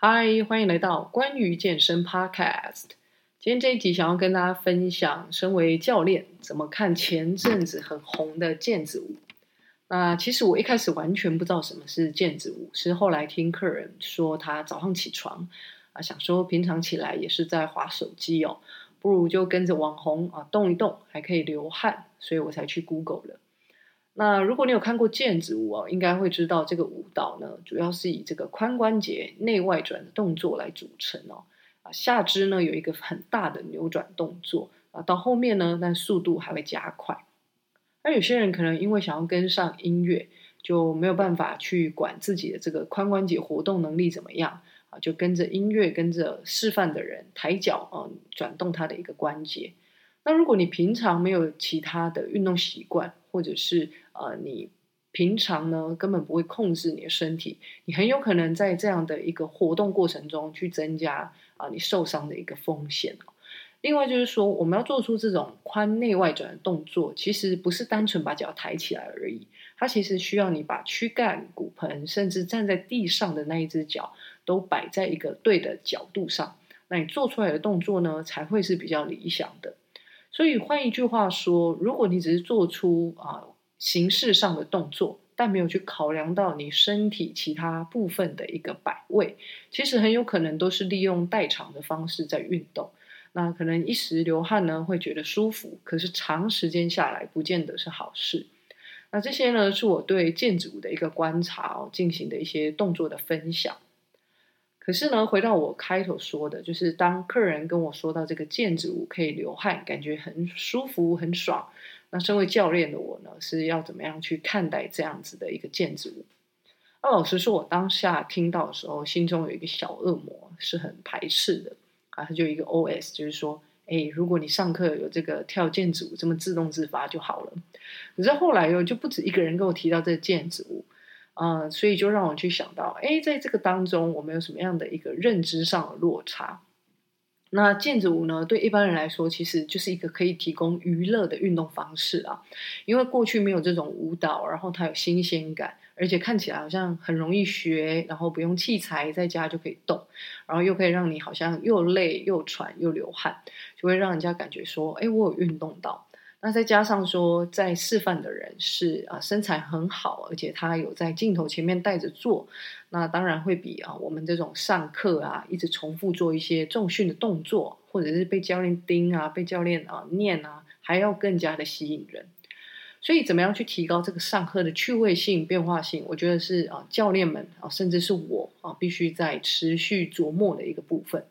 嗨，Hi, 歡迎來到關於健身 Podcast。今天這一集想要跟大家分享，身為教練怎麼看前陣子很紅的毽子舞。那其實我一開始完全不知道什麼是毽子舞，是後來聽客人說他早上起床啊，想說平常起來也是在滑手機哦，不如就跟着網紅啊動一動，還可以流汗，所以我才去 Google 了。那如果你有看過毽子舞哦，應該會知道這個舞蹈呢，主要是以這個髖關節內外轉的動作來組成哦。啊，下肢呢有一個很大的扭轉動作啊，到後面呢，但速度還會加快。而有些人可能因為想要跟上音樂，就沒有辦法去管自己的這個髖關節活動能力怎麼樣啊，就跟着音樂跟着示範的人抬腳啊、哦，轉動他的一個關節。那如果你平常沒有其他的運動習慣，或者是呃，你平常呢根本不會控制你的身體，你很有可能在這樣的一個活動過程中去增加啊，呃，你受傷的一個風險。另外就是說，我們要做出這種髖內外轉的動作，其實不是單純把腳抬起來而已，它其實需要你把軀幹、骨盆，甚至站在地上的那一隻腳都擺在一個對的角度上，那你做出來的動作呢才會是比較理想的。所以換一句話說，如果你只是做出啊，呃形式上的動作，但沒有去考量到你身體其他部分的一個擺位，其實很有可能都是利用代償的方式在運動。那可能一時流汗呢，會覺得舒服，可是長時間下來，不見得是好事。那這些呢，是我對毽子舞的一個觀察哦，進行的一些動作的分享。可是呢，回到我開頭說的，就是當客人跟我說到這個毽子舞可以流汗，感覺很舒服、很爽。那身為教練的我呢，是要怎麼樣去看待這樣子的一個毽子舞？那、啊、老實說，我當下聽到的時候，心中有一個小惡魔是很排斥的啊，他就一個 OS，就是說，哎，如果你上課有這個跳毽子舞，這麼自動自發就好了。可是後來又就不止一個人跟我提到這毽子舞啊，所以就讓我去想到，哎，在這個當中，我們有什麼樣的一個認知上的落差？那毽子舞呢？對一般人來說，其實就是一個可以提供娛樂的運動方式啊。因為過去沒有這種舞蹈，然後它有新鮮感，而且看起來好像很容易學，然後不用器材，在家就可以動，然後又可以讓你好像又累又喘又流汗，就會讓人家感覺說：哎，我有運動到。那再加上說，在示範的人是啊身材很好，而且他有在鏡頭前面帶着做，那當然會比啊我們這種上課啊一直重複做一些重訓的動作，或者是被教練盯啊、被教練啊念啊，還要更加的吸引人。所以怎麼樣去提高這個上課的趣味性、變化性？我覺得是啊教練們啊，甚至是我啊，必須在持續琢磨的一個部分。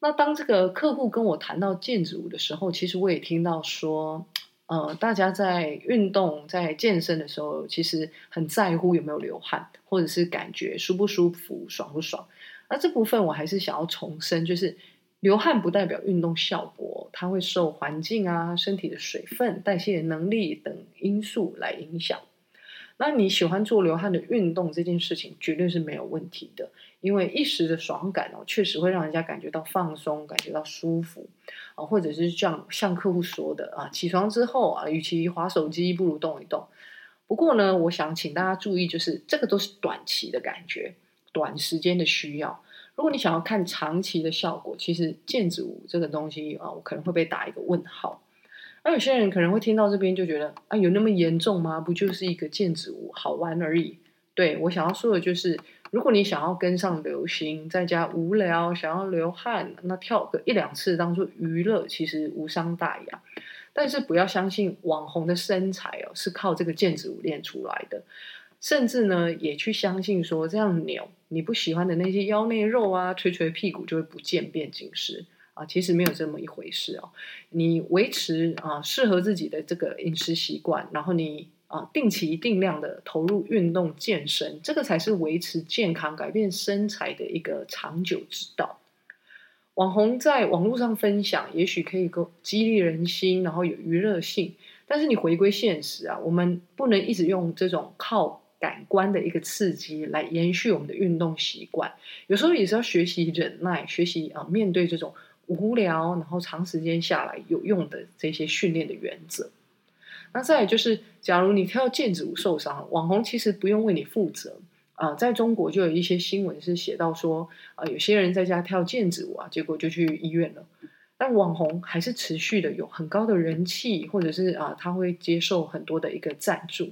那當這個客戶跟我談到毽子舞的時候，其實我也聽到說，呃，大家在運動、在健身的時候，其實很在乎有沒有流汗，或者是感覺舒不舒服、爽不爽。那這部分我還是想要重申，就是流汗不代表運動效果，它會受環境啊、身體的水分、代謝能力等因素來影響。那你喜歡做流汗的運動這件事情絕對是沒有問題的，因為一時的爽感哦，確實會讓人家感覺到放鬆，感覺到舒服，啊，或者是像像客戶說的啊，起床之後啊，與其滑手機，不如動一動。不過呢，我想請大家注意，就是這個都是短期的感覺，短時間的需要。如果你想要看長期的效果，其實毽子舞這個東西啊，我可能會被打一個問號。而、啊、有些人可能會聽到這邊就覺得啊，有那麼嚴重嗎？不就是一個毽子舞好玩而已。對，我想要說的就是，如果你想要跟上流行，在家無聊想要流汗，那跳個一兩次當做娛樂其實無傷大雅。但是不要相信網紅的身材哦，是靠這個毽子舞練出來的。甚至呢，也去相信說這樣扭你不喜歡的那些腰內肉啊，捶捶屁股就會不見、變緊實。啊，其實沒有這麼一回事哦。你維持啊適合自己的這個飲食習慣，然後你啊定期定量的投入運動健身，這個才是維持健康、改變身材的一個長久之道。網紅在網絡上分享，也許可以夠激勵人心，然後有娛樂性。但是你回歸現實啊，我們不能一直用這種靠感官的一個刺激來延續我們的運動習慣。有時候也是要學習忍耐，學習啊面對這種。無聊，然後長時間下來有用的這些訓練的原則。那再來就是，假如你跳毽子舞受傷，網紅其實不用為你負責啊、呃。在中國就有一些新聞是寫到說，啊、呃，有些人在家跳毽子舞啊，結果就去醫院了。但網紅還是持續的有很高的人氣，或者是啊、呃，他會接受很多的一個贊助。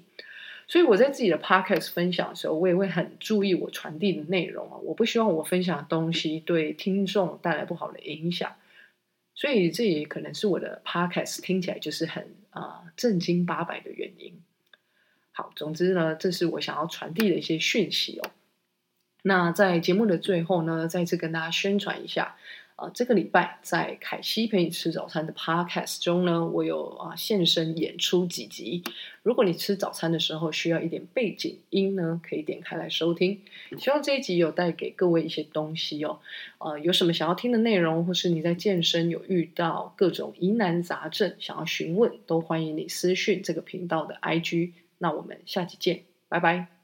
所以我在自己的 podcast 分享的時候，我也會很注意我傳遞的內容啊。我不希望我分享的東西對聽眾帶來不好的影響。所以這也可能是我的 podcast 聽起來就是很啊正經八百的原因。好，總之呢，這是我想要傳遞的一些訊息哦。那在節目的最後呢，再次跟大家宣傳一下。呃，這個禮拜在凱西陪你吃早餐的 Podcast 中呢，我有啊現身演出幾集。如果你吃早餐的時候需要一點背景音呢，可以點開來收聽。希望這一集有帶給各位一些東西哦。呃，有什麼想要聽的內容，或是你在健身有遇到各種疑難雜症想要詢問，都歡迎你私訊這個頻道的 IG。那我們下集見，拜拜。